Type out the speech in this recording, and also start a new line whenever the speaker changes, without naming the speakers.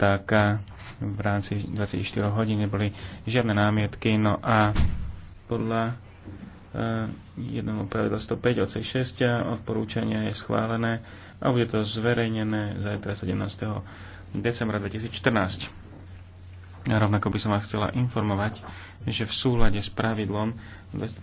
tak v rámci 24 hodín neboli žiadne námietky. No a podľa eh, jednomu pravidla 105 od 6 odporúčania je schválené a bude to zverejnené zajtra 17. decembra 2014. A rovnako by som vás chcela informovať, že v
súlade s pravidlom 203